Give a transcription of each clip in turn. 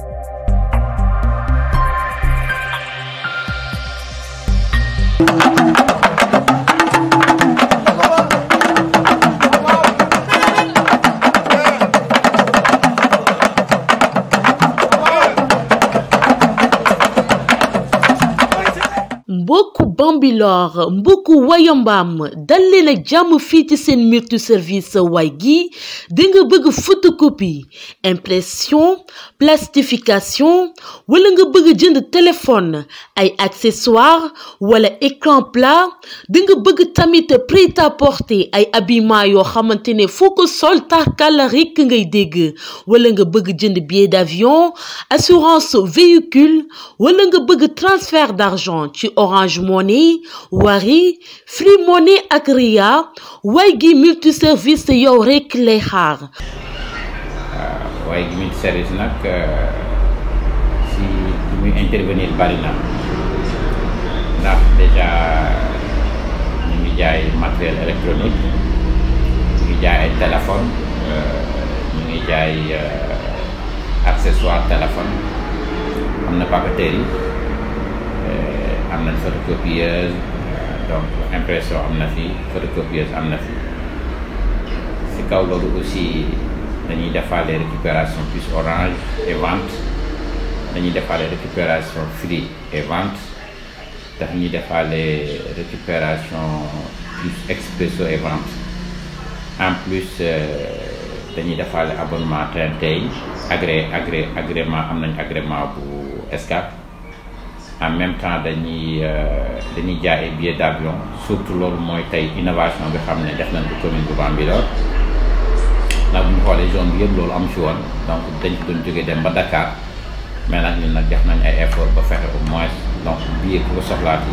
Thank you. beaucoup bambilor beaucoup wayambam, d'aller les jàmm fit sen multi multiservice Waigi, gi di photocopie impression plastification wala nga bëgg jënd téléphone ay accessoires wala écran plat di nga tamite prêt-à-porter ay habillement yo. xamante solta foo ko sol ngay dégg wala nga bëgg jënd billet d'avion assurance véhicule Ou nga bëgg transfert d'argent tu auras Orange Money Wari Free Money ak Ria way gi multi service yow rek lay gi multi service nag euh, si li intervenir bari ndax déjà ñu ngi jaay matériel électronique ñu ngi jaay ay téléphone euh, ñu ngi jaay euh, accessoire téléphone am na papeterie yi. am nañ photocopieuse donc impression am na fi photocopieuse am na fi si kaw loolu aussi dañuy les récupération plus orange et vente dañuy les récupération Free et vente daf ñuy les récupérations plus Expresso et vente en plus euh, dañuy defaale abonnement abonnements abonnements agré agré agrément am nañ agrément bu escape en même temps dañuy euh, dañuy jaay bi billets d'avion surtout loolu mooy tey innovation bi xam ne def nañ ko commune bu Bambilor ndax bu ñu xoolee zone bi yëpp loolu am si woon ko doon dem ba Dakar mais nag ñun nag def nañ ay effort ba fexe au moins donc billet ku ko soxlaati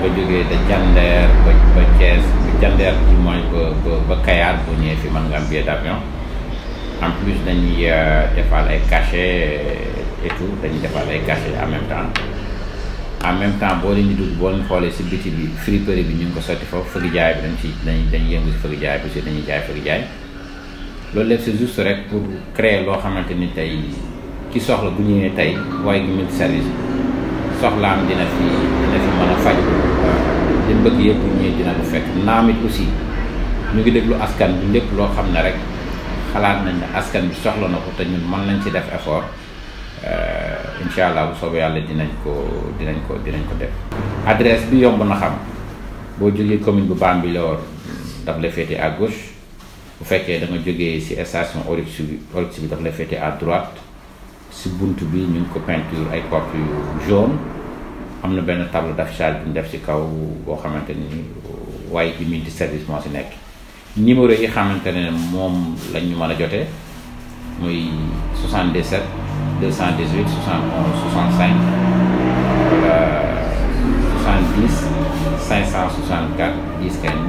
nga jógee da Jandeer ba ba Thiès ba Jandeer am billet d'avion en plus dañuy euh, defal ay cachet et tout dañuy defal ay cachet en même temps en même temps boo leen di dugg boo leen xoolee si biti bi friperie bi ñu ngi ko sotti foofu fëgg jaay bi dañ ci dañ dañ yëngu si fëgg jaay aussi dañuy jaay fëgg jaay loolu lépp c'est juste rek pour créer loo xamante ni tey ki soxla bu ñëwee tey waaye gi mil service soxlaam dina fi dina fi mën a faj li mu yëpp bu ñëwee dina ko fekk naam it aussi ñu ngi déglu askan bi lépp loo xam ne rek xalaat nañ askan bi soxla na ko te ñun mën nañ ci def effort euh, incha allah bu soobee yàlla dinañ ko dinañ ko dinañ ko def adresse bi yomb na xam boo jógee commune bu Bambilor daf la féete à gauche bu fekkee da nga jógee si station Oryx bi bi daf la féete à droite si bunt bi ñu ngi ko peinture ay porte yu jaune am na benn table d'affichage bu ñu def si kaw boo xamante ni waaye humidité service moo si nekk numéro yi xamante ne moom la ñu mën a jotee muy 77 cent 218 71 65 wala 70 564 10 15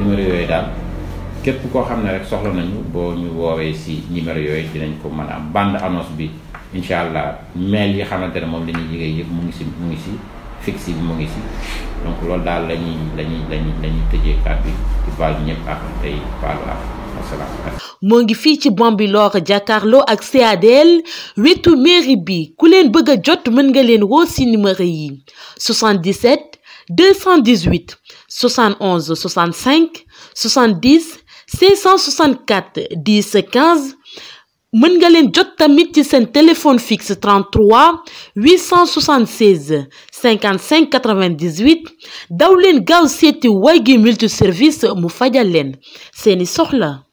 numéro yooyu daal képp koo xam ne rek soxla nañu boo ñu woowee si numéro yooyu dinañ ko mën a am bande bi incha allah mail yi xamante ne moom la ñuy yëpp mu ngi si mu ngi si fixe bi mu ngi si donc loolu daal la ñuy la ñuy la ñuy la tëjee kàddu yi di baal ñëpp ak tey baalu ak waaleykum ngi ci Bambilor jakarlo ak CADL wetu mairie bi ku leen bëgg a jot mën nga leen woo si numéro yi 77 218 71 65 70 564 10 15 mën nga leen jot tamit ci seen téléphone fixe 33 876 55 98 daw leen gaaw seeti multiservice mu fajal leen seeni soxla.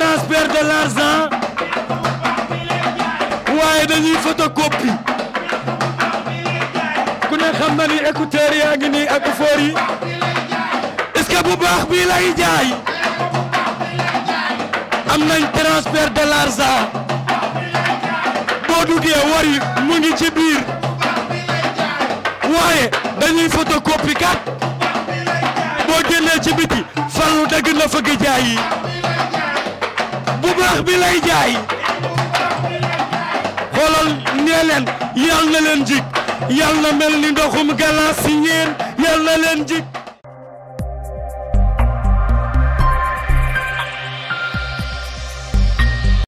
transfert de l'argent waaye dañuy photocopie ku ne xam na ni écouteur ngi nii ak ufoor yi est bu baax bii lay jaay am nañ transfert de l'argent boo duggee war yi mu ngi ci biir waaye dañuy photocopie kat boo génnee ci biti farlu dagg na fëgg baax bi lay jaay xoolal nee leen yal na leen jig yal na mel ni ndoxum galas si yéen yal